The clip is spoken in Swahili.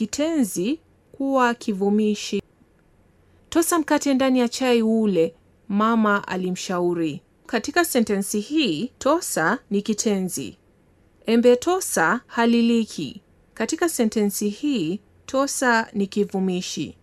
kitenzi kuwa kivumishi. Tosa mkate ndani ya chai ule, mama alimshauri. Katika sentensi hii tosa ni kitenzi. Embe tosa haliliki. Katika sentensi hii tosa ni kivumishi.